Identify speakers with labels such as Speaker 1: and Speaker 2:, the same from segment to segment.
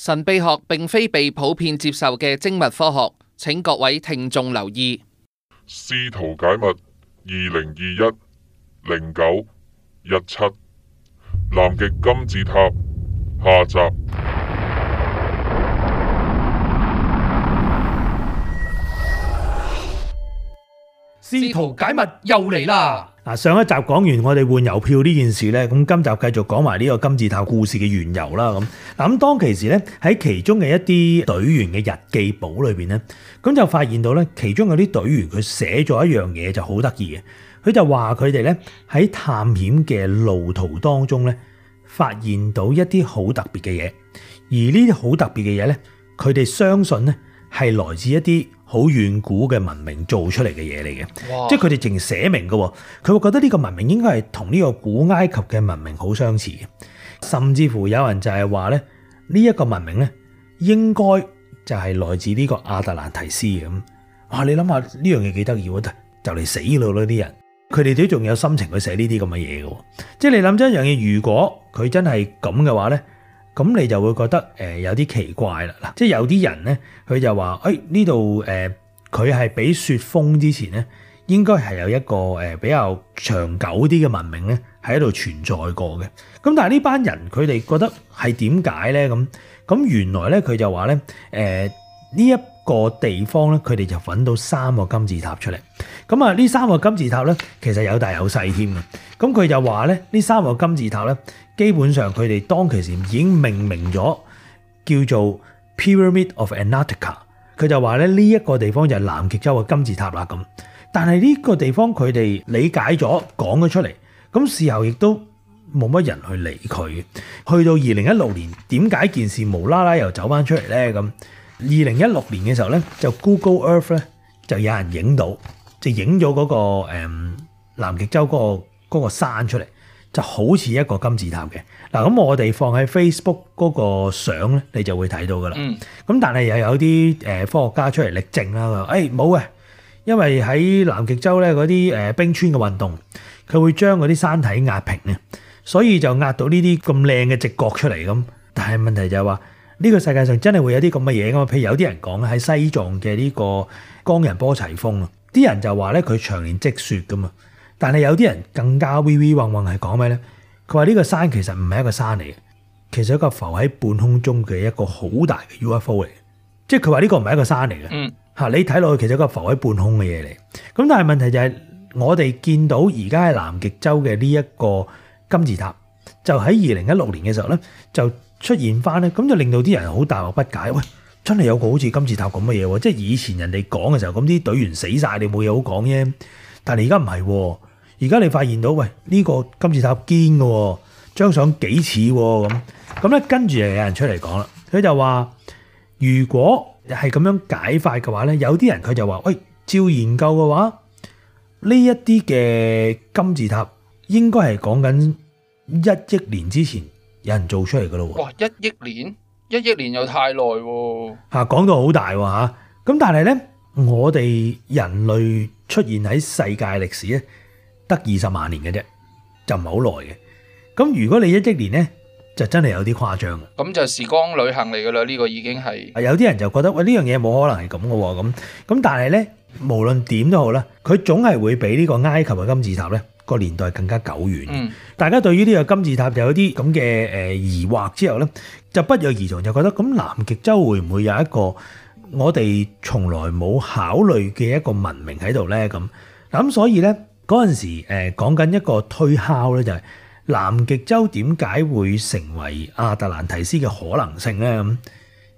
Speaker 1: 神秘學並非被普遍接受嘅精密科學，請各位聽眾留意。薛高解密二零二一零九一七南極金字塔下集。薛高解密又嚟啦！
Speaker 2: 嗱，上一集講完我哋換郵票呢件事咧，咁今集繼續講埋呢個金字塔故事嘅原由啦。咁嗱，咁當其時咧，喺其中嘅一啲隊員嘅日記簿裏邊咧，咁就發現到咧，其中有啲隊員佢寫咗一樣嘢就好得意嘅，佢就話佢哋咧喺探險嘅路途當中咧，發現到一啲好特別嘅嘢，而呢啲好特別嘅嘢咧，佢哋相信咧，係來自一啲好遠古嘅文明做出嚟嘅嘢嚟嘅，即係佢哋淨寫明嘅，佢會覺得呢個文明應該係同呢個古埃及嘅文明好相似嘅，甚至乎有人就係話咧，呢一個文明咧應該就係來自呢個亞特蘭提斯嘅咁。哇！你諗下呢樣嘢幾得意喎，就嚟死路啦啲人，佢哋都仲有心情去寫呢啲咁嘅嘢嘅，即係你諗真一樣嘢，如果佢真係咁嘅話咧。咁你就會覺得、呃、有啲奇怪啦，嗱，即係有啲人咧，佢就話，誒呢度誒佢係俾雪封之前咧，應該係有一個、呃、比較長久啲嘅文明咧，喺度存在過嘅。咁但係呢班人佢哋覺得係點解咧？咁咁原來咧佢就話咧，誒呢一個地方咧，佢哋就揾到三個金字塔出嚟。咁啊，呢三個金字塔咧，其實有大有細添嘅。咁佢就話咧，呢三個金字塔咧。基本上佢哋當其時已經命名咗叫做 Pyramid of Antarctica，佢就話咧，呢一個地方就係南極洲嘅金字塔啦咁。但係呢個地方佢哋理解咗講咗出嚟，咁事後亦都冇乜人去理佢。去到二零一六年，點解件事無啦啦又走翻出嚟咧？咁二零一六年嘅時候咧，就 Google Earth 咧就有人影到，就影咗嗰個誒南極洲嗰個嗰個，那個山出嚟。就好似一個金字塔嘅嗱，咁我哋放喺 Facebook 嗰個相咧，你就會睇到噶啦。咁但係又有啲科學家出嚟力證啦，誒冇嘅，因為喺南極洲咧嗰啲冰川嘅運動，佢會將嗰啲山體壓平咧，所以就壓到呢啲咁靚嘅直角出嚟咁。但係問題就係話，呢個世界上真係會有啲咁嘅嘢噶嘛？譬如有啲人講喺西藏嘅呢個江仁波齊峰啊，啲人就話咧佢長年積雪噶嘛。但係有啲人更加威威嗡嗡係講咩咧？佢話呢個山其實唔係一個山嚟嘅，其實一個浮喺半空中嘅一個好大嘅 UFO 嚟嘅，即係佢話呢個唔係一個山嚟嘅，嚇、嗯、你睇落去其實一個浮喺半空嘅嘢嚟。咁但係問題就係我哋見到而家喺南極洲嘅呢一個金字塔，就喺二零一六年嘅時候咧就出現翻咧，咁就令到啲人好大惑不解。喂，真係有個好似金字塔咁嘅嘢喎！即係以前人哋講嘅時候，咁啲隊員死晒，你冇嘢好講啫。但係而家唔係喎。而家你發現到，喂呢、這個金字塔堅嘅喎，張相幾似喎咁咁咧，跟住又有人出嚟講啦。佢就話：如果係咁樣解法嘅話咧，有啲人佢就話，喂照研究嘅話，呢一啲嘅金字塔應該係講緊一億年之前有人做出嚟嘅咯。哇！
Speaker 1: 一億年，一億年又太耐喎，
Speaker 2: 講講到好大喎。咁，但係咧，我哋人類出現喺世界歷史咧。得二十萬年嘅啫，就唔係好耐嘅。咁如果你一億年呢，就真係有啲誇張嘅。
Speaker 1: 咁就時光旅行嚟嘅啦，呢個已經係。
Speaker 2: 有啲人就覺得喂，呢樣嘢冇可能係咁嘅喎，咁咁但係呢，無論點都好啦，佢總係會比呢個埃及嘅金字塔呢個年代更加久遠。嗯，大家對於呢個金字塔又有啲咁嘅誒疑惑之後呢，就不約而同就覺得咁南極洲會唔會有一個我哋從來冇考慮嘅一個文明喺度呢？咁咁所以咧。嗰陣時，誒講緊一個推敲咧，就係南極洲點解會成為亞特蘭提斯嘅可能性咧？咁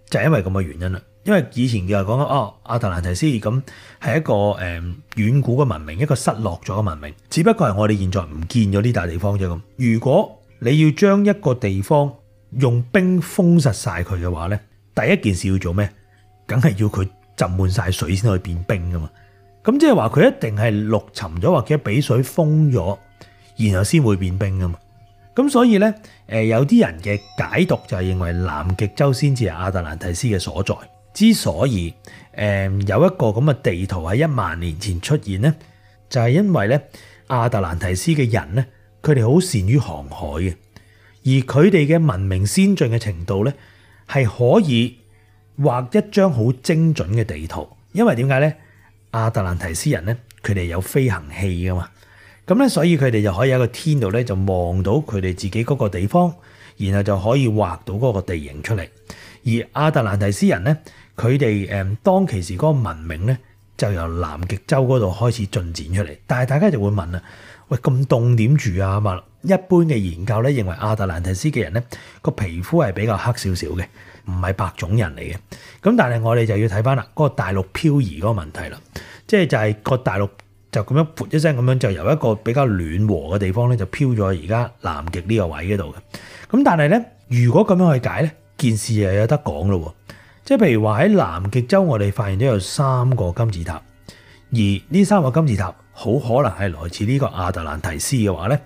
Speaker 2: 就係、是、因為咁嘅原因啦。因為以前嘅話講啊，亞特蘭提斯咁係一個誒遠古嘅文明，一個失落咗嘅文明，只不過係我哋現在唔見咗呢大地方啫。咁如果你要將一個地方用冰封實晒佢嘅話咧，第一件事要做咩？梗係要佢浸滿晒水先可以變冰噶嘛。咁即係話，佢一定係陸沉咗，或者俾水封咗，然後先會變冰噶嘛。咁所以咧，誒有啲人嘅解讀就係認為南極洲先至係亞特蘭提斯嘅所在。之所以誒有一個咁嘅地圖喺一萬年前出現咧，就係因為咧亞特蘭提斯嘅人咧，佢哋好善於航海嘅，而佢哋嘅文明先進嘅程度咧，係可以畫一張好精準嘅地圖。因為點解咧？阿特蘭提斯人咧，佢哋有飛行器噶嘛，咁咧所以佢哋就可以喺個天度咧就望到佢哋自己嗰個地方，然後就可以畫到嗰個地形出嚟。而阿特蘭提斯人咧，佢哋誒當其時嗰個文明咧，就由南極洲嗰度開始進展出嚟。但係大家就會問，喂，咁凍點住啊嘛？一般嘅研究咧認為阿特蘭提斯嘅人咧個皮膚係比較黑少少嘅。唔係白種人嚟嘅，咁但係我哋就要睇翻啦，嗰個大陸漂移嗰個問題啦，即係就係個大陸就咁樣撥一聲咁樣，就由一個比較暖和嘅地方咧，就漂咗而家南極呢個位嗰度嘅。咁但係咧，如果咁樣去解咧，件事又有得講咯喎。即係譬如話喺南極洲，我哋發現咗有三個金字塔，而呢三個金字塔好可能係來自呢個亞特蘭提斯嘅話咧，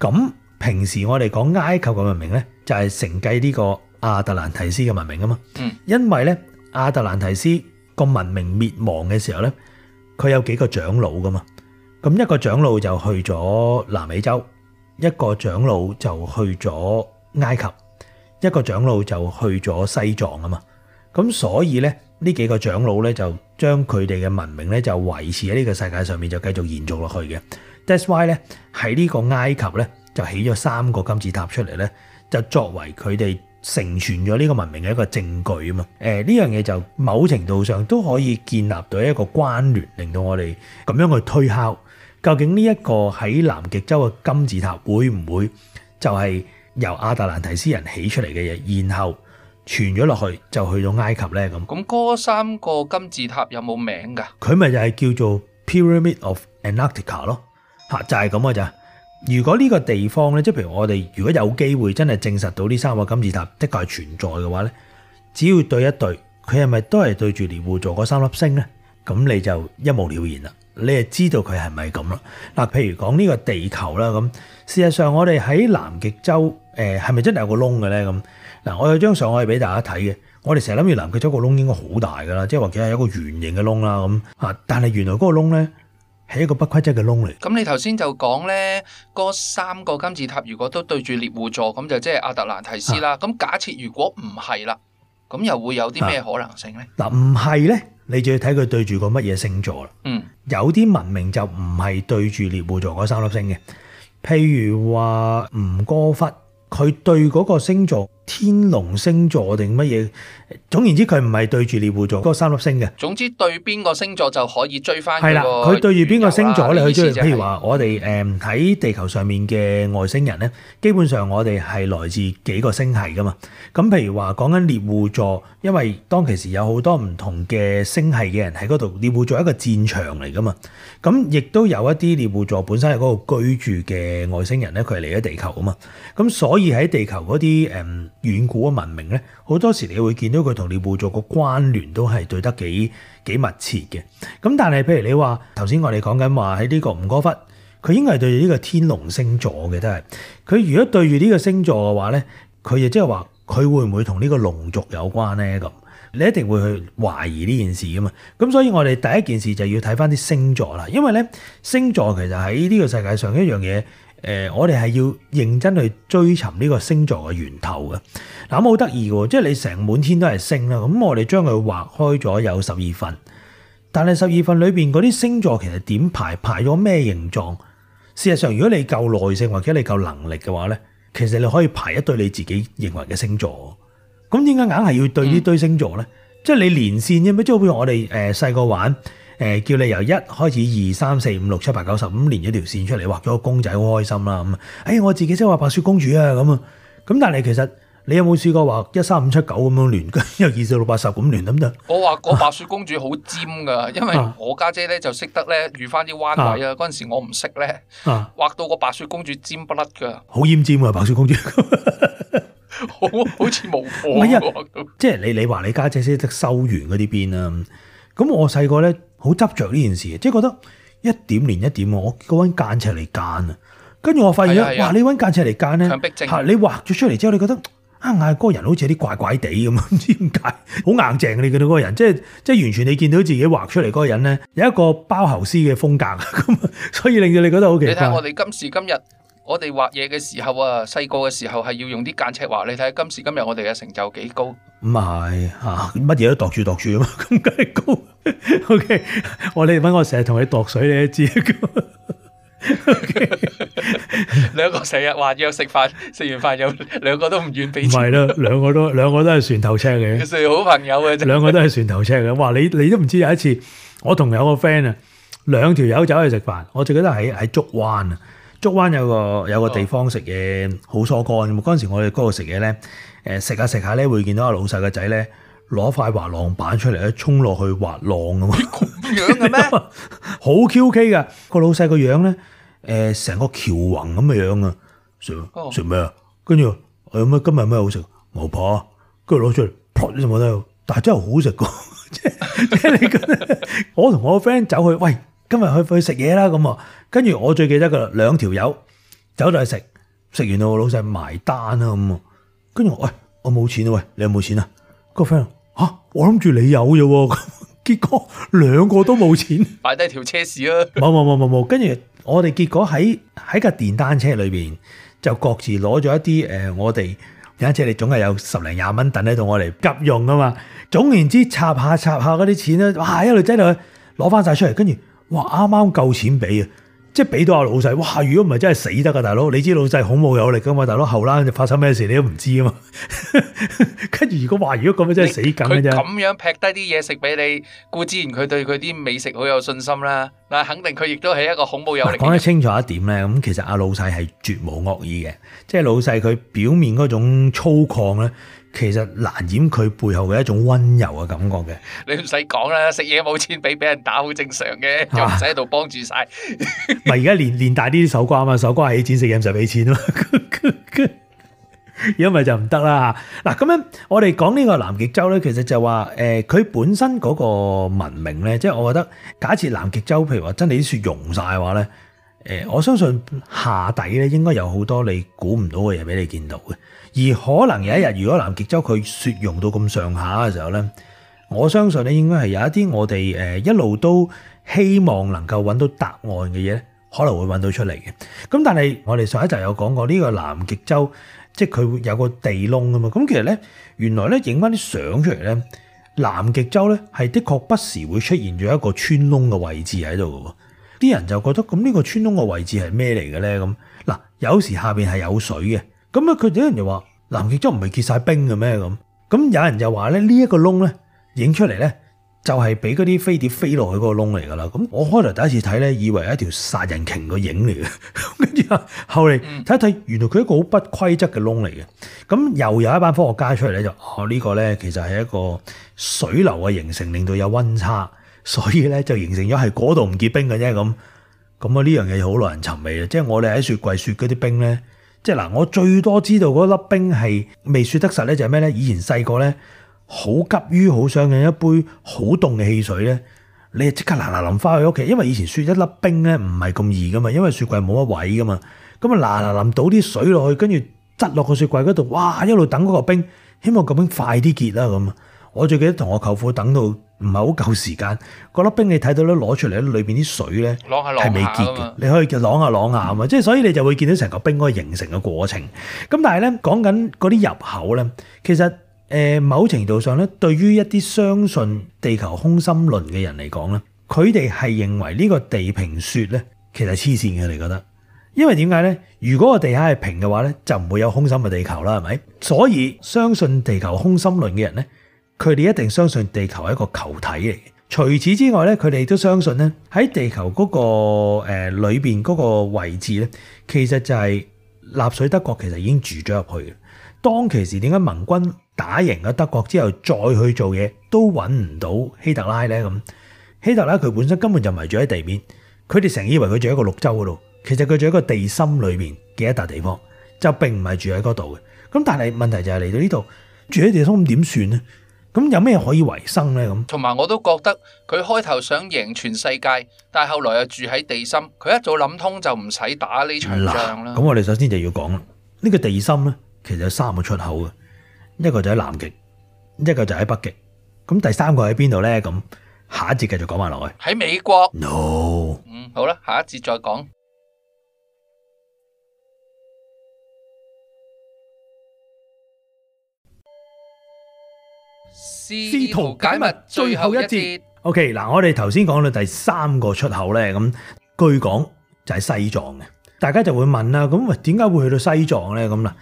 Speaker 2: 咁平時我哋講埃及嘅文明咧，就係承繼呢個。亞特蘭提斯嘅文明啊嘛，因為咧亞特蘭提斯個文明滅亡嘅時候咧，佢有幾個長老㗎嘛，咁一個長老就去咗南美洲，一個長老就去咗埃及，一個長老就去咗西藏啊嘛，咁所以咧呢幾個長老咧就將佢哋嘅文明咧就維持喺呢個世界上面就繼續延續落去嘅，That's why 咧喺呢個埃及咧就起咗三個金字塔出嚟咧，就作為佢哋。成全咗呢個文明嘅一個證據啊嘛，誒呢樣嘢就某程度上都可以建立到一個關聯，令到我哋咁樣去推敲，究竟呢一個喺南極洲嘅金字塔會唔會就係由亞特蘭提斯人起出嚟嘅嘢，然後傳咗落去就去到埃及呢咁。咁
Speaker 1: 嗰三個金字塔有冇名㗎？
Speaker 2: 佢咪就係叫做 Pyramid of Antarctica 咯，吓，就係咁嘅咋。如果呢個地方咧，即係譬如我哋如果有機會真係證實到呢三個金字塔的確係存在嘅話咧，只要對一對，佢係咪都係對住獵戶座嗰三粒星咧？咁你就一目了然啦，你係知道佢係咪咁啦。嗱，譬如講呢個地球啦，咁事實上我哋喺南極洲，誒係咪真係有個窿嘅咧？咁嗱，我有張相可以俾大家睇嘅。我哋成日諗住南極洲個窿應該好大噶啦，即係話者實有一個圓形嘅窿啦咁啊，但係原來嗰個窿咧，係一個不規則嘅窿嚟。咁
Speaker 1: 你頭先就講呢，嗰三個金字塔如果都對住獵戶座，咁就即係阿特蘭提斯啦。咁假設如果唔係啦，咁又會有啲咩可能性呢？
Speaker 2: 嗱，唔係呢，你就要睇佢對住個乜嘢星座啦。嗯，有啲文明就唔係對住獵戶座嗰三粒星嘅，譬如話吳哥窟，佢對嗰個星座。天龍星座定乜嘢？總言之，佢唔係對住獵戶座嗰三粒星嘅。總之對，總之
Speaker 1: 對邊個星座就可以追翻嘅喎。佢對住邊個星座咧，去追、啊。譬、就是、如話，
Speaker 2: 我哋誒喺地球上面嘅外星人咧，基本上我哋係來自幾個星系噶嘛。咁譬如話講緊獵戶座，因為當其時有好多唔同嘅星系嘅人喺嗰度，獵戶座係一個戰場嚟噶嘛。咁亦都有一啲獵戶座本身喺嗰度居住嘅外星人咧，佢係嚟咗地球啊嘛。咁所以喺地球嗰啲遠古嘅文明咧，好多時你會見到佢同你部族個關聯都係對得幾幾密切嘅。咁但係譬如你話頭先我哋講緊話喺呢個吳哥窟，佢應該係對住呢個天龍星座嘅，都係佢如果對住呢個星座嘅話咧，佢就即係話佢會唔會同呢個龍族有關咧？咁你一定會去懷疑呢件事噶嘛。咁所以我哋第一件事就要睇翻啲星座啦，因為咧星座其實喺呢個世界上一樣嘢。誒、呃，我哋係要認真去追尋呢個星座嘅源頭嘅。嗱，咁好得意嘅，即係你成滿天都係星啦。咁我哋將佢劃開咗有十二份，但係十二份裏邊嗰啲星座其實點排，排咗咩形狀？事實上，如果你夠耐性或者你夠能力嘅話咧，其實你可以排一堆你自己認為嘅星座。咁點解硬係要對呢堆星座咧？嗯、即係你連線啫，咩？即係譬如我哋誒細個玩。誒，叫你由一開始二三四五六七八九十五連一條線出嚟，畫咗個公仔好開心啦咁、嗯。哎，我自己即係畫白雪公主啊咁啊。咁但係其實你有冇試過畫一三五七九咁樣連，跟住二四六八十咁連得唔得？行
Speaker 1: 行我畫個白雪公主好尖噶，啊、因為我家姐咧就識得咧遇翻啲彎位啊。嗰陣時我唔識咧，畫到個白雪公主尖不甩噶。
Speaker 2: 好尖尖啊！白雪公主，
Speaker 1: 好似冇火唔
Speaker 2: 即係你你話你家姐識得收完嗰啲邊啦。咁我細個咧。好執着呢件事，即係覺得一點連一點我嗰間尺嚟間啊，跟住我發現咗，哇！你揾間尺嚟間咧，吓你畫咗出嚟之後，你覺得啊，嗌嗰個人好似有啲怪怪地咁，唔知點解好硬淨。你見到嗰個人，即係即係完全你見到自己畫出嚟嗰個人咧，有一個包豪斯嘅風格，咁所以令到你覺得好奇怪。你睇我哋
Speaker 1: 今時今日。我哋畫嘢嘅時候啊，細個嘅時候係要用啲間尺畫。你睇今時今日我哋嘅成就幾高？
Speaker 2: 唔係啊，乜嘢都度住度住吖嘛，咁梗係高。O K，我你問，我成日同你度水，你都知。O K，
Speaker 1: 兩個成日話約食飯，食完飯又兩個都唔願畀。唔係咯，
Speaker 2: 兩個都兩個都係船頭尺嘅。算好朋友啊，兩個都係船頭尺嘅。哇，你你都唔知有一次，我同有個 friend 啊，兩條友走去食飯，我就記得喺喺竹灣啊。竹灣有個有個地方食嘢好疏肝嘅嘛，嗰陣時我哋嗰度食嘢咧，誒食下食下咧會見到阿老細嘅仔咧攞塊滑浪板出嚟咧衝落去滑浪咁樣嘅咩？ 好 Q K 嘅個老細個樣咧，誒、呃、成個喬宏咁嘅樣啊！食食咩啊？跟住有乜今日咩好食牛扒，跟住攞出嚟，你冇但係真係好食嘅，即係你覺得？ 我同我個 friend 走去喂。今日去去食嘢啦，咁啊，跟住我最記得嘅兩條友走咗去食，食完啦，老細埋單啦，咁啊，跟住我喂，我冇、哎、錢啊，喂，你有冇錢朋友啊？個 friend 吓，我諗住你有啫喎，結果兩個都冇錢，
Speaker 1: 擺低條車匙啊，
Speaker 2: 冇冇冇冇冇，跟住我哋結果喺喺架電單車裏邊就各自攞咗一啲誒、呃，我哋電單車你總係有十零廿蚊等喺度，我哋急用啊嘛，總言之插一下插一下嗰啲錢咧，哇，一女仔就攞翻晒出嚟，跟住，話啱啱夠錢俾啊，即係俾到阿老細。哇！如果唔係真係死得噶，大佬你知老細好冇有力噶嘛，大佬後欄就發生咩事你都唔知啊嘛。跟住如果話如果咁樣你真係死梗嘅啫。咁
Speaker 1: 樣劈低啲嘢食俾你，固之然佢對佢啲美食好有信心啦。但肯定佢亦都係一個恐怖友，嚟講得
Speaker 2: 清楚一點咧，咁其實阿老細係絕無惡意嘅，即係老細佢表面嗰種粗獷咧，其實難掩佢背後嘅一種溫柔嘅感覺嘅。
Speaker 1: 你唔使講啦，食嘢冇錢俾，俾人打好正常嘅，又唔使喺度幫住晒。
Speaker 2: 咪而家練練大啲手瓜啊嘛，手瓜係起錢食嘢，唔使俾錢咯。 因為就唔得啦，吓嗱，咁樣我哋講呢個南極洲咧，其實就話佢、呃、本身嗰個文明咧，即係我覺得，假設南極洲譬如話真係啲雪融晒嘅話咧、呃，我相信下底咧應該有好多你估唔到嘅嘢俾你見到嘅。而可能有一日，如果南極洲佢雪融到咁上下嘅時候咧，我相信咧應該係有一啲我哋呃一路都希望能夠揾到答案嘅嘢咧，可能會揾到出嚟嘅。咁但係我哋上一集有講過呢個南極洲。即係佢會有個地窿啊嘛，咁其實咧，原來咧影翻啲相出嚟咧，南極洲咧係的確不時會出現咗一個穿窿嘅位置喺度嘅喎，啲人就覺得咁呢個穿窿嘅位置係咩嚟嘅咧？咁嗱，有時下面係有水嘅，咁啊佢哋有人就話南極洲唔係結晒冰嘅咩咁，咁有人就話咧呢一個窿咧影出嚟咧。就係俾嗰啲飛碟飛落去嗰個窿嚟㗎啦，咁我開頭第一次睇咧，以為係一條殺人鯨個影嚟嘅，跟住後嚟睇一睇，原來佢一個好不規則嘅窿嚟嘅，咁又有一班科學家出嚟咧，就哦呢個咧其實係一個水流嘅形成，令到有溫差，所以咧就形成咗係嗰度唔結冰嘅啫咁，咁啊呢樣嘢好耐人尋味啊！即係我哋喺雪櫃雪嗰啲冰咧，即係嗱我最多知道嗰粒冰係未雪得實咧，就係咩咧？以前細個咧。好急於好想飲一杯好凍嘅汽水咧，你即刻嗱嗱淋翻去屋企，因為以前雪一粒冰咧唔係咁易噶嘛，因為雪櫃冇乜位噶嘛，咁啊嗱嗱淋倒啲水落去，跟住擠落個雪櫃嗰度，哇一路等嗰個冰，希望個冰快啲結啦咁。我最記得同我舅父等到唔係好夠時間，嗰粒冰你睇到咧攞出嚟裏邊啲水咧係未結嘅，你可以攞下攞下啊嘛，即係、嗯、所以你就會見到成個冰嗰個形成嘅過程。咁但係咧講緊嗰啲入口咧，其實。誒某程度上咧，對於一啲相信地球空心論嘅人嚟講咧，佢哋係認為呢個地平說咧，其實黐線嘅你覺得？因為點解咧？如果個地下係平嘅話咧，就唔會有空心嘅地球啦，係咪？所以相信地球空心論嘅人咧，佢哋一定相信地球係一個球體嚟嘅。除此之外咧，佢哋都相信咧喺地球嗰、嗰個誒裏、呃、邊嗰個位置咧，其實就係納粹德國其實已經住咗入去嘅。當其時點解盟軍？打贏咗德國之後再去做嘢，都搵唔到希特拉呢，咁，希特拉佢本身根本就唔係住喺地面，佢哋成日以為佢住喺個綠洲嗰度，其實佢住喺個地心裏面嘅一笪地方，就並唔係住喺嗰度嘅。咁但係問題就係嚟到呢度，住喺地心點算呢？咁有咩可以維生呢？咁
Speaker 1: 同埋我都覺得佢開頭想贏全世界，但係後來又住喺地心，佢一早諗通就唔使打呢場仗啦。咁、
Speaker 2: 啊、我哋首先就要講呢、這個地心呢，其實有三個出口嘅。一個就喺南極，一個就喺北極，咁第三個喺邊度呢？咁下一節繼續講埋落去。
Speaker 1: 喺美國。No。嗯，好啦，下一節再講。師徒解密最後一節。
Speaker 2: OK，嗱，我哋頭先講到第三個出口呢，咁據講就喺西藏嘅。大家就會問啦，咁喂，點解會去到西藏呢？咁啦。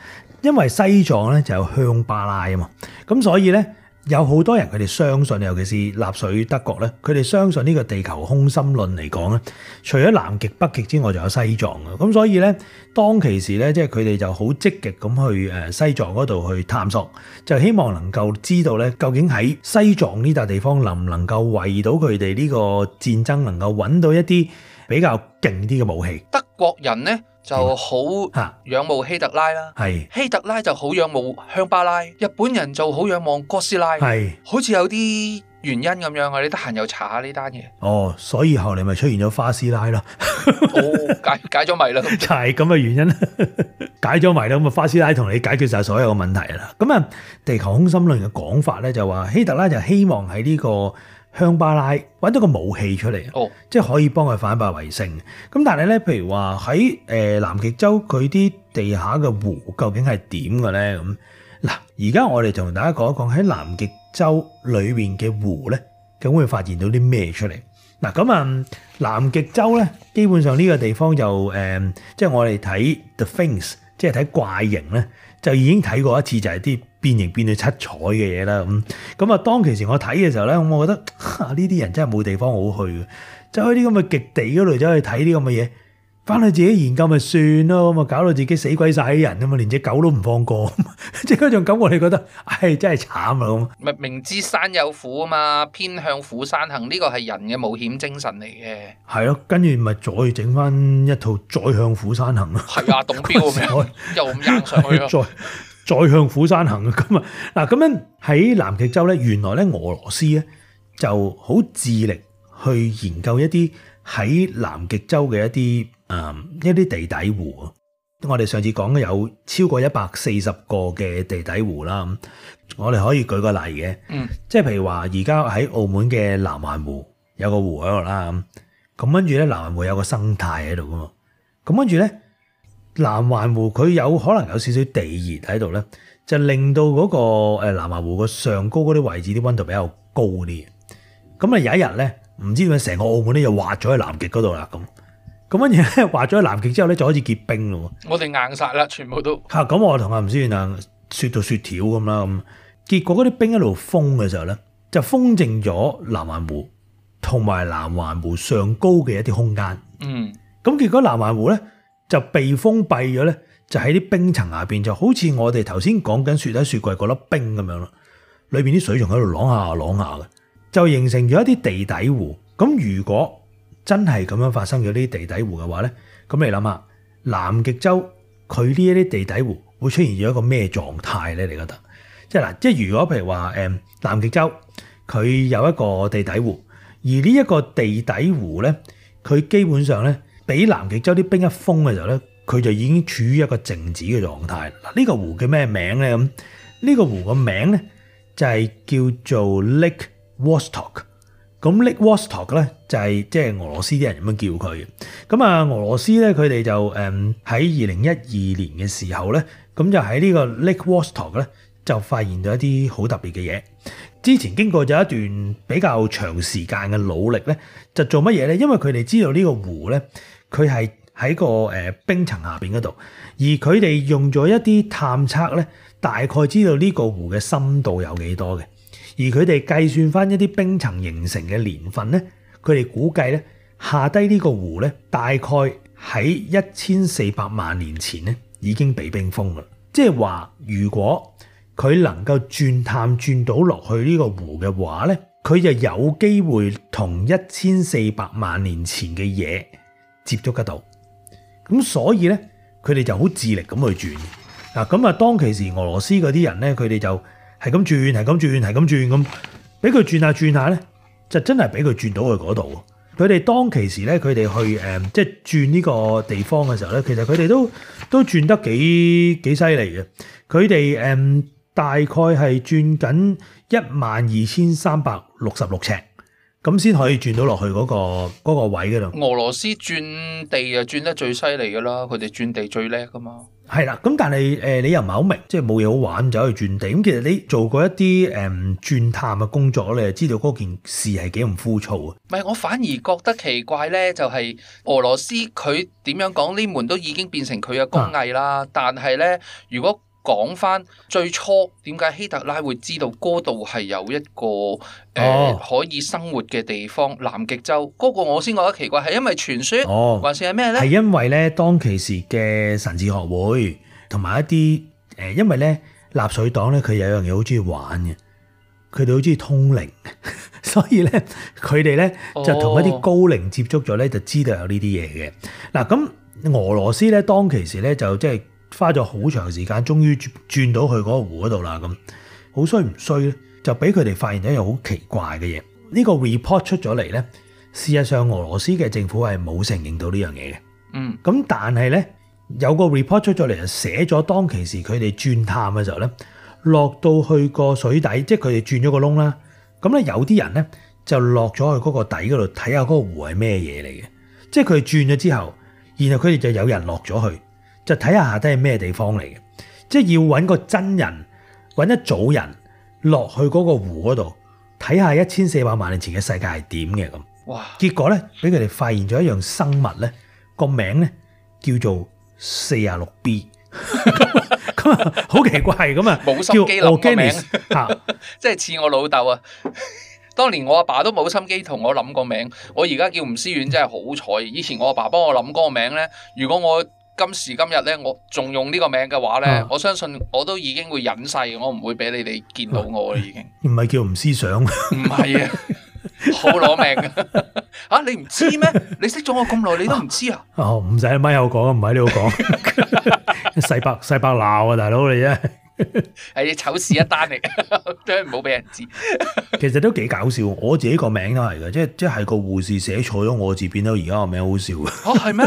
Speaker 2: 因為西藏咧就有香巴拉啊嘛，咁所以咧有好多人佢哋相信，尤其是納粹德國咧，佢哋相信呢個地球空心論嚟講咧，除咗南極、北極之外，仲有西藏啊，咁所以咧當其時咧，即係佢哋就好積極咁去誒西藏嗰度去探索，就希望能夠知道咧究竟喺西藏呢笪地方能唔能夠為到佢哋呢個戰爭能夠揾到一啲比較勁啲嘅武器，德
Speaker 1: 國人呢就好吓仰慕希特拉啦，係、啊、希特拉就好仰慕香巴拉，日本人就好仰望哥斯拉，係是好似有啲原因咁樣啊！你得閒又查下呢單嘢。
Speaker 2: 哦，所以後嚟咪出現咗花師拉咯 、
Speaker 1: 哦，解解咗謎啦，
Speaker 2: 就係咁嘅原因， 解咗謎啦，咁啊花師拉同你解決晒所有嘅問題啦。咁啊地球空心論嘅講法呢，就話希特拉就希望喺呢、這個。香巴拉揾到個武器出嚟，哦，oh。即係可以幫佢反敗為勝。咁但係咧，譬如話喺誒南極洲，佢啲地下嘅湖究竟係點嘅咧？咁嗱，而家我哋同大家講一講喺南極洲裏面嘅湖咧，會發現到啲咩出嚟？嗱，咁啊，南極洲咧，基本上呢個地方就誒、是，即係我哋睇 The Things，即係睇怪形咧，就已經睇過一次，就係啲。變形變到七彩嘅嘢啦咁，咁啊當其時我睇嘅時候咧，我覺得呢啲、啊、人真係冇地方好去嘅，走去啲咁嘅極地嗰度走去睇啲咁嘅嘢，翻去自己研究咪算咯，咁啊搞到自己死鬼晒人啊嘛，連隻狗都唔放過，即係嗰種感覺你覺得，唉，真係慘啊咁。
Speaker 1: 咪明知山有虎啊嘛，偏向虎山行，呢個係人嘅冒險精神嚟
Speaker 2: 嘅。係咯，跟住咪再整翻一套再向虎山行啊。係啊， 董驃啊，又
Speaker 1: 咁硬上嚟啊。
Speaker 2: 再向虎山行啊！嗱咁樣喺南極洲咧，原來咧俄羅斯咧就好致力去研究一啲喺南極洲嘅一啲誒、嗯、一啲地底湖。我哋上次講嘅有超過一百四十個嘅地底湖啦。咁我哋可以舉個例嘅，即係、嗯、譬如話而家喺澳門嘅南，南環湖有個湖喺度啦。咁跟住咧，南環湖有個生態喺度㗎嘛。咁跟住咧。南環湖佢有可能有少少地熱喺度咧，就令到嗰個南環湖個上高嗰啲位置啲溫度比較高啲。咁啊有一日咧，唔知點解成個澳門咧又滑咗去南極嗰度啦咁。咁乜嘢咧滑咗去南極之後咧，就開始結冰咯。
Speaker 1: 我哋硬晒啦，全部都
Speaker 2: 嚇。咁我同阿吳思遠啊，雪到雪條咁啦咁。結果嗰啲冰一路封嘅時候咧，就封凈咗南環湖同埋南環湖上高嘅一啲空間。嗯。咁結果南環湖咧。就被封閉咗咧，就喺啲冰層下面，就好似我哋頭先講緊雪底雪櫃嗰粒冰咁樣咯。裏邊啲水仲喺度啷下啷下嘅，就形成咗一啲地底湖。咁如果真係咁樣發生咗呢啲地底湖嘅話咧，咁你諗下，南極洲佢呢一啲地底湖會出現咗一個咩狀態咧？你覺得？即係嗱，即係如果譬如話誒，南極洲佢有一個地底湖，而呢一個地底湖咧，佢基本上咧。俾南極洲啲冰一封嘅時候咧，佢就已經處於一個靜止嘅狀態。嗱，呢個湖叫咩名咧咁？呢、這個湖個名咧就係叫做 Lake Vostok 咁 Lake Vostok 咧就係即係俄羅斯啲人咁樣叫佢嘅咁啊，俄羅斯咧佢哋就喺二零一二年嘅時候咧，咁就喺呢個 Lake Vostok 咧就發現咗一啲好特別嘅嘢。之前經過咗一段比較長時間嘅努力咧，就做乜嘢咧？因為佢哋知道呢個湖咧。佢係喺個誒冰層下邊嗰度，而佢哋用咗一啲探測咧，大概知道呢個湖嘅深度有幾多嘅。而佢哋計算翻一啲冰層形成嘅年份咧，佢哋估計咧下低呢個湖咧，大概喺一千四百萬年前咧已經畀冰封啦。即係話，如果佢能夠鑽探鑽到落去呢個湖嘅話咧，佢就有機會同一千四百萬年前嘅嘢接觸得到，咁所以咧，佢哋就好致力咁去轉嗱。咁啊，當其時俄羅斯嗰啲人咧，佢哋就係咁轉，係咁轉，係咁轉咁，俾佢轉下轉下咧，就真係俾佢轉到那裏去嗰度。佢哋當其時咧，佢哋去誒，即係轉呢個地方嘅時候咧，其實佢哋都都轉得幾幾犀利嘅。佢哋誒大概係轉緊一萬二千三百六十六尺。咁先可以轉到落去嗰、那個那個位㗎喇。
Speaker 1: 俄羅斯轉地就轉得最犀利噶啦，佢哋轉地最叻噶嘛。
Speaker 2: 係啦，咁但係誒、呃、你又唔係好明，即係冇嘢好玩就去轉地。咁、嗯、其實你做過一啲誒鑽探嘅工作，你係知道嗰件事係幾咁枯燥啊。
Speaker 1: 唔係，我反而覺得奇怪咧，就係、是、俄羅斯佢點樣講呢門都已經變成佢嘅工藝啦。嗯、但係咧，如果講翻最初點解希特拉會知道嗰度係有一個誒可以生活嘅地方，南極洲嗰個我先覺得奇怪，係因為傳說哦，還是係咩咧？係因
Speaker 2: 為咧當其時嘅神智學會同埋一啲誒，因為咧納粹黨咧佢有樣嘢好中意玩嘅，佢哋好中意通靈，所以咧佢哋咧就同一啲高靈接觸咗咧，就知道有呢啲嘢嘅。嗱咁俄羅斯咧當其時咧就即係。花咗好長時間，終於轉到去嗰個湖嗰度啦。咁好衰唔衰咧？就俾佢哋發現咗一樣好奇怪嘅嘢。呢個 report 出咗嚟咧，事實上俄羅斯嘅政府係冇承認到呢樣嘢嘅。嗯，咁但係咧有個 report 出咗嚟，就寫咗當其時佢哋轉探嘅時候咧，落到去個水底，即係佢哋轉咗個窿啦。咁咧有啲人咧就落咗去嗰個底嗰度睇下嗰個湖係咩嘢嚟嘅。即係佢哋轉咗之後，然後佢哋就有人落咗去。就睇下下底係咩地方嚟嘅，即係要揾個真人，揾一組人落去嗰個湖嗰度睇下一千四百萬年前嘅世界係點嘅咁。哇！結果咧，俾佢哋發現咗一樣生物咧，個名咧叫做四啊六 B，咁啊好奇怪咁啊，冇心機諗個名，即
Speaker 1: 係似我老豆啊。當年我阿爸都冇心機同我諗個名，我而家叫吳思遠，真係好彩。以前我阿爸幫我諗嗰個名咧，如果我今時今日咧，我仲用呢個名嘅話咧，嗯、我相信我都已經會隱世，我唔會俾你哋見到我啦，已
Speaker 2: 經。唔係叫唔思想，唔係啊，
Speaker 1: 好攞命啊！ 啊，你唔知咩？你識咗我咁耐，你都唔知啊？
Speaker 2: 哦，唔使咪麥度講，唔喺你度講，細 伯細伯鬧啊，大佬你
Speaker 1: 啫，係醜事一單嚟，都唔好俾人知。
Speaker 2: 其實都幾搞笑，我自己個名都係嘅，即係即係個護士寫錯咗我自字，變到而家個名好笑嘅哦，啊，係咩？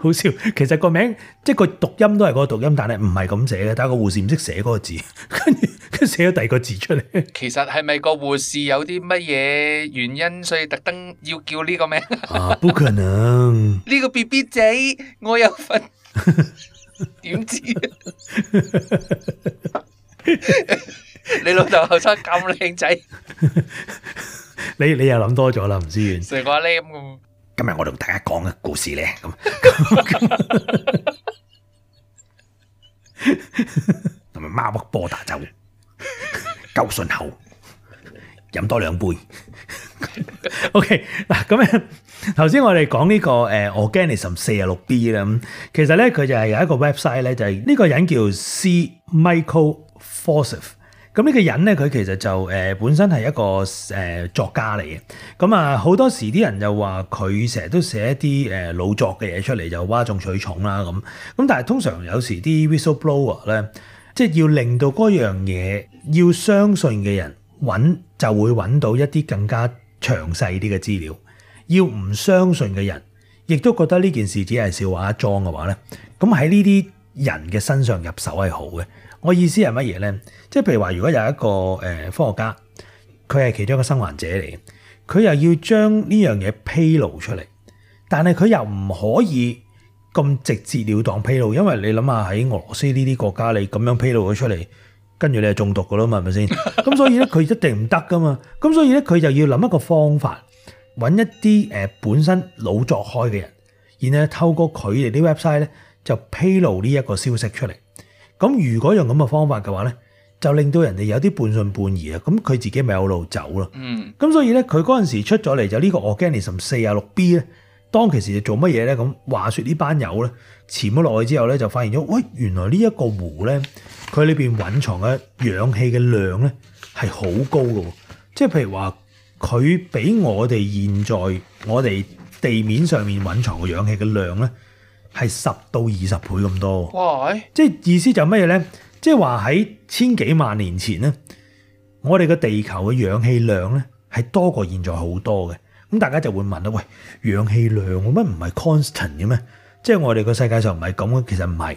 Speaker 2: 好笑，其實個名即係個讀音都係個讀音，但係唔係咁寫嘅。但係個護士唔識寫嗰個字，跟住跟住寫咗第二個字出嚟。
Speaker 1: 其實係咪個護士有啲乜嘢原因，所以特登要叫呢個名？啊，
Speaker 2: 不可能！
Speaker 1: 呢個 BB 仔，我有份，點知？你老豆後生咁靚仔，
Speaker 2: 你你又諗多咗啦，唔知完。今日我同大家講嘅故事咧，咁，同埋貓屋波打酒夠順口，飲多兩杯。OK，嗱咁樣，頭先我哋講呢個誒，Organism 46B 咧，其實咧佢就係有一個 website 咧，就係呢個人叫 C Michael Force。咁呢個人咧，佢其實就本身係一個作家嚟嘅。咁啊，好多時啲人又話佢成日都寫啲老作嘅嘢出嚟，就嘩眾取寵啦咁。咁但係通常有時啲 whistleblower 咧，即係要令到嗰樣嘢要相信嘅人揾，就會揾到一啲更加詳細啲嘅資料。要唔相信嘅人，亦都覺得呢件事只係笑話一樁嘅話咧，咁喺呢啲人嘅身上入手係好嘅。我意思係乜嘢呢？即係譬如話，如果有一個誒科學家，佢係其中一個生還者嚟，佢又要將呢樣嘢披露出嚟，但係佢又唔可以咁直接了當披露，因為你諗下喺俄羅斯呢啲國家，你咁樣披露咗出嚟，跟住你係中毒㗎喇嘛，係咪先？咁 所以呢，佢一定唔得㗎嘛。咁所以呢，佢就要諗一個方法，揾一啲誒本身老作開嘅人，然後透過佢哋啲 website 呢，就披露呢一個消息出嚟。咁如果用咁嘅方法嘅話咧，就令到人哋有啲半信半疑啊！咁佢自己咪有路走咯。嗯，咁所以咧，佢嗰陣時出咗嚟就呢個 organism 四啊六 B 咧，當其時做乜嘢咧？咁話說呢班友咧潛咗落去之後咧，就發現咗，喂、哎，原來呢一個湖咧，佢裏邊蘊藏嘅氧氣嘅量咧係好高喎。」即係譬如話，佢俾我哋現在我哋地面上面蘊藏嘅氧氣嘅量咧。係十到二十倍咁多，即係意思呢就咩咧？即係話喺千幾萬年前咧，我哋嘅地球嘅氧氣量咧係多過現在好多嘅，咁大家就會問啦：喂，氧氣量乜唔係 constant 嘅咩？即係我哋個世界上唔係咁，其實唔係嘅。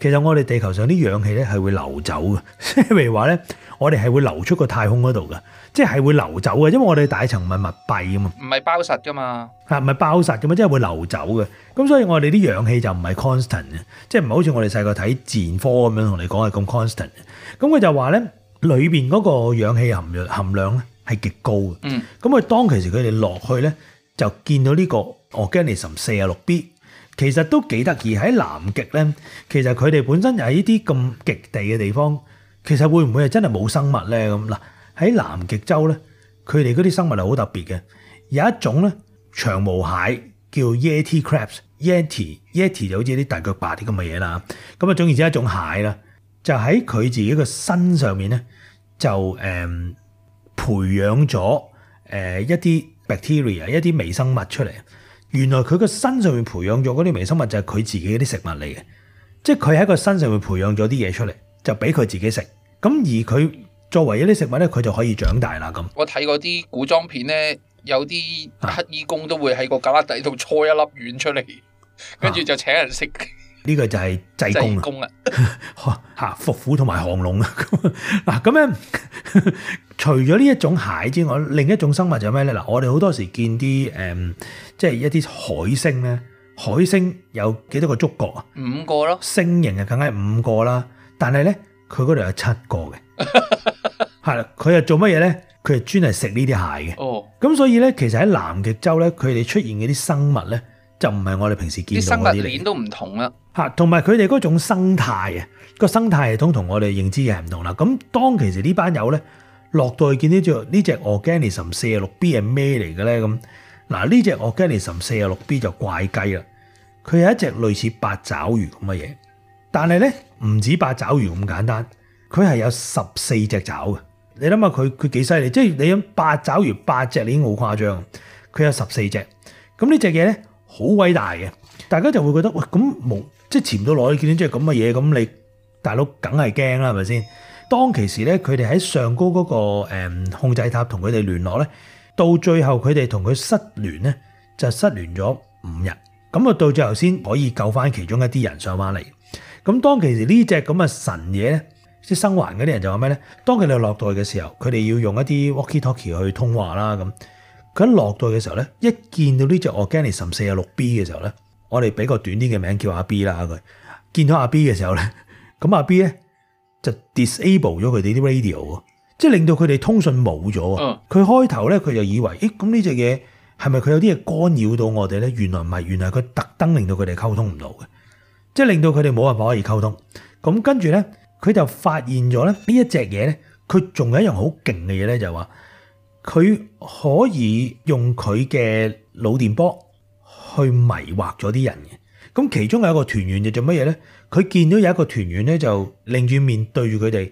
Speaker 2: 其實我哋地球上啲氧氣咧係會流走嘅，即係譬如話咧，我哋係會流出個太空嗰度㗎，即係係會流走嘅。因為我哋大氣層唔係密閉噶
Speaker 1: 嘛，唔係、啊、包實噶嘛，
Speaker 2: 唔係包實噶嘛，即係會流走嘅。咁所以我哋啲氧氣就唔係 constant 嘅，即係唔係好似我哋細個睇自然科咁樣同你講係咁 constant 嘅。咁佢就話咧，裏邊嗰個氧氣含量含量咧係極高嘅。咁佢、嗯、當其時佢哋落去咧，就見到呢個 Organism 四啊六 B。其實都幾得意，喺南極咧，其實佢哋本身就喺一啲咁極地嘅地方，其實會唔會係真係冇生物咧咁嗱？喺南極洲咧，佢哋嗰啲生物係好特別嘅，有一種咧長毛蟹叫 Yeti crabs，Yeti Yeti 就好似啲大腳白啲咁嘅嘢啦，咁啊總言之有一種蟹啦，就喺佢自己嘅身上面咧就誒培養咗一啲 bacteria 一啲微生物出嚟。原來佢個身上面培養咗嗰啲微生物就係佢自己嗰啲食物嚟嘅，即係佢喺個身上面培養咗啲嘢出嚟，就俾佢自己食。咁而佢作為一啲食物咧，佢就可以長大啦。咁
Speaker 1: 我睇嗰啲古裝片咧，有啲乞兒公都會喺個旮旯底度搓一粒丸出嚟，跟住就請人食。啊
Speaker 2: 呢個就係濟公
Speaker 1: 啦，
Speaker 2: 吓，伏虎同埋降龍啊！嗱，咁樣，除咗呢一種蟹之外，另一種生物就係咩咧？嗱，我哋好多時見啲誒、嗯，即係一啲海星咧。海星有幾多個觸角啊？五個咯，星形嘅梗係五個啦。但係咧，佢嗰度有七個嘅，係啦。 佢又做乜嘢咧？佢係專係食呢啲蟹嘅。哦，咁所以咧，其實喺南極洲咧，佢哋出現嘅啲生物咧，就唔係我哋平時見到啲生物鏈
Speaker 1: 都唔同啦。
Speaker 2: 同埋佢哋嗰種生態啊，個生態系統同我哋認知嘅係唔同啦。咁當其實呢班友咧落到去見呢隻呢隻 Organism 四十六 B 係咩嚟嘅咧？咁嗱，呢隻 Organism 四十六 B 就怪雞啦。佢係一隻類似八爪魚咁嘅嘢，但係咧唔止八爪魚咁簡單，佢係有十四隻爪嘅。你諗下佢佢幾犀利？即係你諗八爪魚八隻已經好誇張，佢有十四隻。咁呢隻嘢咧好偉大嘅，大家就會覺得喂，咁冇。即係潛到落去見到即係咁嘅嘢，咁你大佬梗係驚啦，係咪先？當其時咧，佢哋喺上高嗰個控制塔同佢哋聯絡咧，到最後佢哋同佢失聯咧，就失聯咗五日。咁啊，到最後先可以救翻其中一啲人上翻嚟。咁當其時呢隻咁嘅神嘢咧，即係生還嗰啲人就話咩咧？當佢哋落袋嘅時候，佢哋要用一啲 walkie-talkie 去通話啦。咁佢一落袋嘅時候咧，一見到呢隻 organism 十四啊六 B 嘅時候咧。我哋俾個短啲嘅名叫阿 B 啦，佢見到阿 B 嘅時候咧，咁阿 B 咧就 disable 咗佢哋啲 radio，即係令到佢哋通訊冇咗。佢、嗯、開頭咧，佢就以為，咦、欸？咁呢隻嘢係咪佢有啲嘢干擾到我哋咧？原來唔係，原來佢特登令到佢哋溝通唔到嘅，即係令到佢哋冇辦法可以溝通。咁跟住咧，佢就發現咗咧、這個、呢一隻嘢咧，佢仲有一樣好勁嘅嘢咧，就係話佢可以用佢嘅腦電波。去迷惑咗啲人嘅，咁其中有一個團員就做乜嘢咧？佢見到有一個團員咧，就擰住面對住佢哋，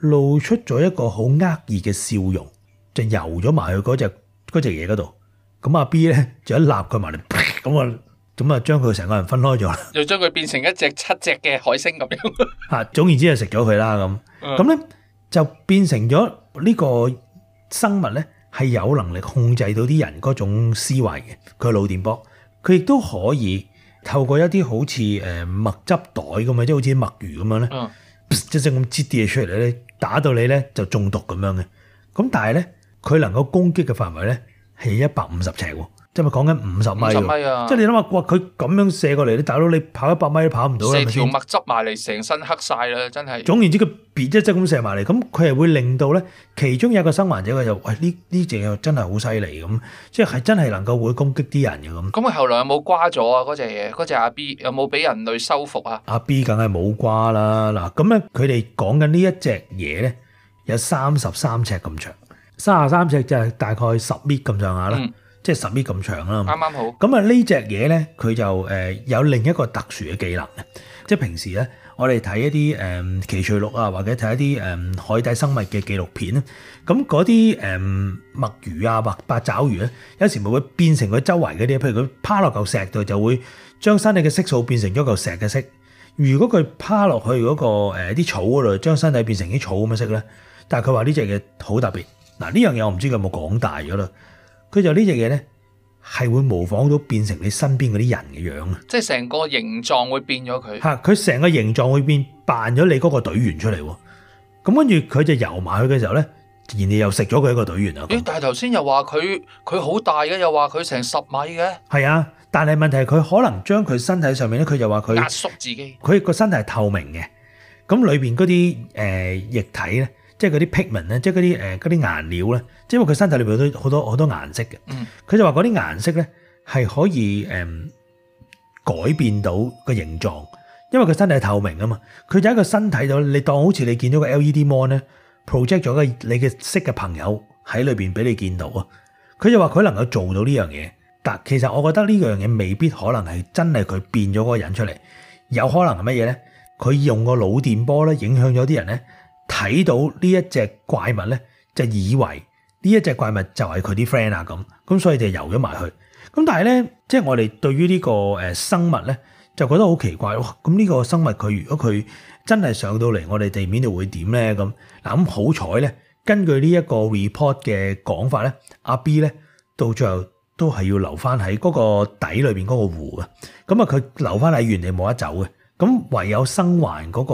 Speaker 2: 露出咗一個好刻意嘅笑容，就游咗埋去嗰隻嗰隻嘢嗰度。咁阿 B 咧就一笠佢埋嚟，咁啊咁啊，將佢成個人分開咗，
Speaker 1: 又將佢變成一隻七隻嘅海星咁樣。
Speaker 2: 啊，總言之就食咗佢啦咁。咁咧就變成咗呢個生物咧，係有能力控制到啲人嗰種思維嘅，佢係腦電波。佢亦都可以透過一啲好似誒墨汁袋咁啊，即係好似墨魚咁樣咧，一聲咁擠啲嘢出嚟咧，打到你咧就中毒咁樣嘅。咁但係咧，佢能夠攻擊嘅範圍咧係一百五十呎。即係咪講緊五十米？五十米啊！即係你諗下，佢咁樣射過嚟，大佬你跑一百米都跑唔到。射條墨
Speaker 1: 汁埋嚟，成身黑晒啦，真係。總言
Speaker 2: 之，佢 B 一即係咁射埋嚟，咁佢係會令到咧，其中有一個生還者佢就，喂呢呢隻又真係好犀利咁，即係真係能夠會攻擊啲人嘅咁。
Speaker 1: 咁佢後來有冇瓜咗啊？嗰隻嘢，嗰隻阿 B 有冇俾人類收服啊？
Speaker 2: 阿 B 梗係冇瓜啦嗱，咁咧佢哋講緊呢一隻嘢咧，有三十三尺咁長，三十三尺就係大概十米咁上下啦。即係十米咁長啦，啱啱好。咁啊呢隻嘢咧，佢就誒有另一個特殊嘅技能嘅。即係平時咧，我哋睇一啲誒奇趣錄啊，或者睇一啲誒、嗯、海底生物嘅紀錄片咧，咁嗰啲誒墨魚啊，或八爪魚咧，有時咪會變成佢周圍嗰啲，譬如佢趴落嚿石度就會將身體嘅色素變成咗嚿石嘅色。如果佢趴落去嗰個誒啲草嗰度，將身體變成啲草咁嘅色咧。但佢話呢隻嘢好特別。嗱，呢樣嘢我唔知佢有冇講大咗啦。佢就隻呢隻嘢咧，係會模仿到變成你身邊嗰啲人嘅樣
Speaker 1: 啊！即係成個形狀會變咗佢。嚇！
Speaker 2: 佢成個形狀會變扮咗你嗰個隊員出嚟。咁跟住佢就游埋去嘅時候咧，然後又食咗佢一個隊員啊！
Speaker 1: 但係頭先又話佢佢好大嘅，又話佢成十米嘅。
Speaker 2: 係啊，但係問題係佢可能將佢身體上面咧，佢就話佢壓縮自己。佢個身體係透明嘅，咁裏面嗰啲誒液體咧。即係嗰啲 pigment 咧，即係嗰啲誒啲顏料咧，即係因為佢身體裏邊有好多好多顏色嘅，佢就話嗰啲顏色咧係可以誒、呃、改變到個形狀，因為佢身體係透明啊嘛，佢就喺個身體度，你當好似你見到個 LED mon 咧 project 咗個你嘅識嘅朋友喺裏邊俾你見到啊，佢就話佢能夠做到呢樣嘢，但其實我覺得呢樣嘢未必可能係真係佢變咗嗰個人出嚟，有可能係乜嘢咧？佢用個腦電波咧影響咗啲人咧。睇到呢一隻怪物咧，就以為呢一隻怪物就係佢啲 friend 啊咁，咁所以就游咗埋去。咁但係咧，即係我哋對於呢個生物咧，就覺得好奇怪。咁呢個生物佢如果佢真係上到嚟我哋地面度會點咧？咁嗱咁好彩咧，根據呢一個 report 嘅講法咧，阿 B 咧到最後都係要留翻喺嗰個底裏面嗰個湖啊。咁啊，佢留翻喺原地冇得走嘅。咁唯有生還嗰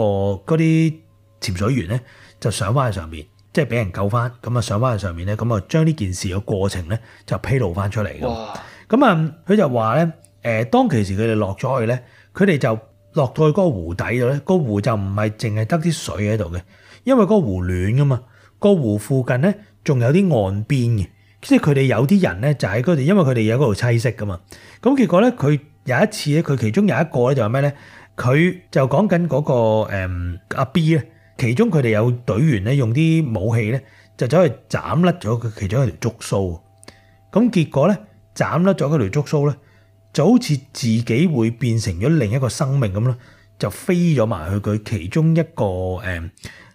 Speaker 2: 個嗰啲。潛水員咧就上翻去上面，即係俾人救翻。咁啊，上翻去上面咧，咁啊將呢件事嘅過程咧就披露翻出嚟。哇！咁啊，佢就話咧，誒當其時佢哋落咗去咧，佢哋就落到去嗰個湖底度咧。個湖就唔係淨係得啲水喺度嘅，因為嗰個湖暖噶嘛。個湖附近咧仲有啲岸邊嘅，即係佢哋有啲人咧就喺嗰度，因為佢哋有嗰度棲息噶嘛。咁結果咧，佢有一次咧，佢其中有一個咧就係咩咧，佢就講緊嗰個阿、嗯、B 咧。其中佢哋有隊員咧，用啲武器咧，就走去斬甩咗佢其中一條觸鬚。咁結果咧，斬甩咗嗰條觸鬚咧，就好似自己會變成咗另一個生命咁啦，就飛咗埋去佢其中一個誒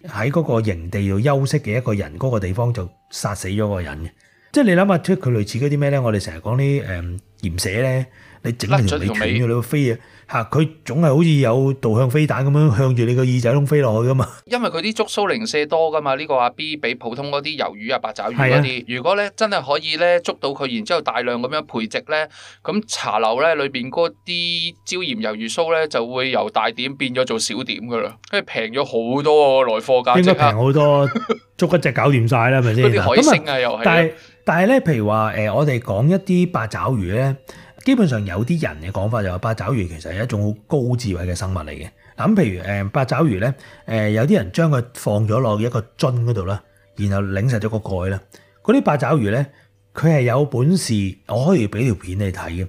Speaker 2: 喺嗰個營地度休息嘅一個人嗰個地方，就殺死咗個人嘅。即係你諗下，即佢類似嗰啲咩咧？我哋成日講啲誒。嗯鹽蛇咧，你整成你卷嘅啦，飛啊嚇！佢總係好似有導向飛彈咁樣向住你個耳仔窿飛落去噶嘛。
Speaker 1: 因為佢啲觸鬚零舍多噶嘛，呢、這個阿 B 比普通嗰啲魷魚啊、八爪魚嗰啲。的如果咧真係可以咧捉到佢，然之後大量咁樣培植咧，咁茶樓咧裏邊嗰啲椒鹽魷魚鬚咧就會由大點變咗做小點噶啦。跟住平咗好多啊，來貨價應該平
Speaker 2: 好多， 捉一隻搞掂晒啦，係咪先？嗰啲海星啊，又係是。但係但係咧，譬如話誒、呃，我哋講一啲八爪魚咧。基本上有啲人嘅講法就係八爪魚其實係一種好高智慧嘅生物嚟嘅。咁，譬如誒八爪魚咧，誒有啲人將佢放咗落一個樽嗰度啦，然後擰實咗個蓋啦，嗰啲八爪魚咧，佢係有本事，我可以俾條片你睇嘅，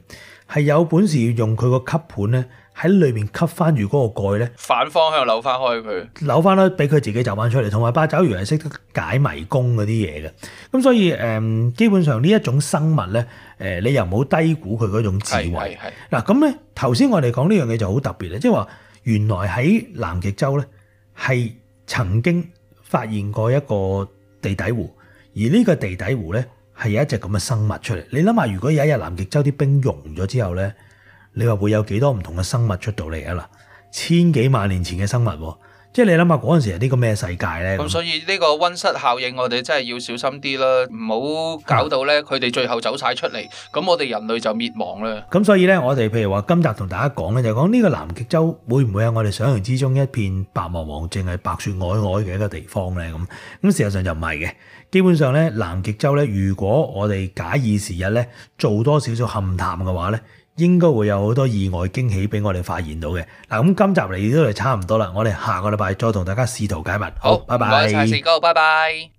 Speaker 2: 係有本事用佢個吸盤咧。喺裏面吸翻住嗰個蓋咧，
Speaker 1: 反方向扭翻開佢，
Speaker 2: 扭翻啦，俾佢自己走翻出嚟。同埋八爪魚係識得解迷宮嗰啲嘢嘅，咁所以、嗯、基本上呢一種生物咧、呃，你又唔好低估佢嗰種智慧。嗱咁咧，頭先我哋講呢樣嘢就好特別咧，即係話原來喺南極洲咧係曾經發現過一個地底湖，而呢個地底湖咧係有一隻咁嘅生物出嚟。你諗下，如果有一日南極洲啲冰融咗之後咧？你話會有幾多唔同嘅生物出到嚟啊？啦，千幾萬年前嘅生物，即係你諗下嗰陣時係呢個咩世界呢？咁所
Speaker 1: 以呢個溫室效應，我哋真係要小心啲啦，唔好搞到呢佢哋最後走晒出嚟，咁好我哋人類就滅亡啦。
Speaker 2: 咁所以呢，我哋譬如話今集同大家講呢，就講呢個南極洲會唔會係我哋想象之中一片白茫茫、淨係白雪皚皚嘅一個地方呢？咁咁事實上就唔係嘅，基本上呢，南極洲呢，如果我哋假以時日呢，做多少少勘探嘅話呢。應該會有好多意外驚喜俾我哋發現到嘅。嗱，咁今集嚟都係差唔多啦，我哋下個禮拜再同大家試圖解密。好，好拜拜，試試。
Speaker 1: 拜拜。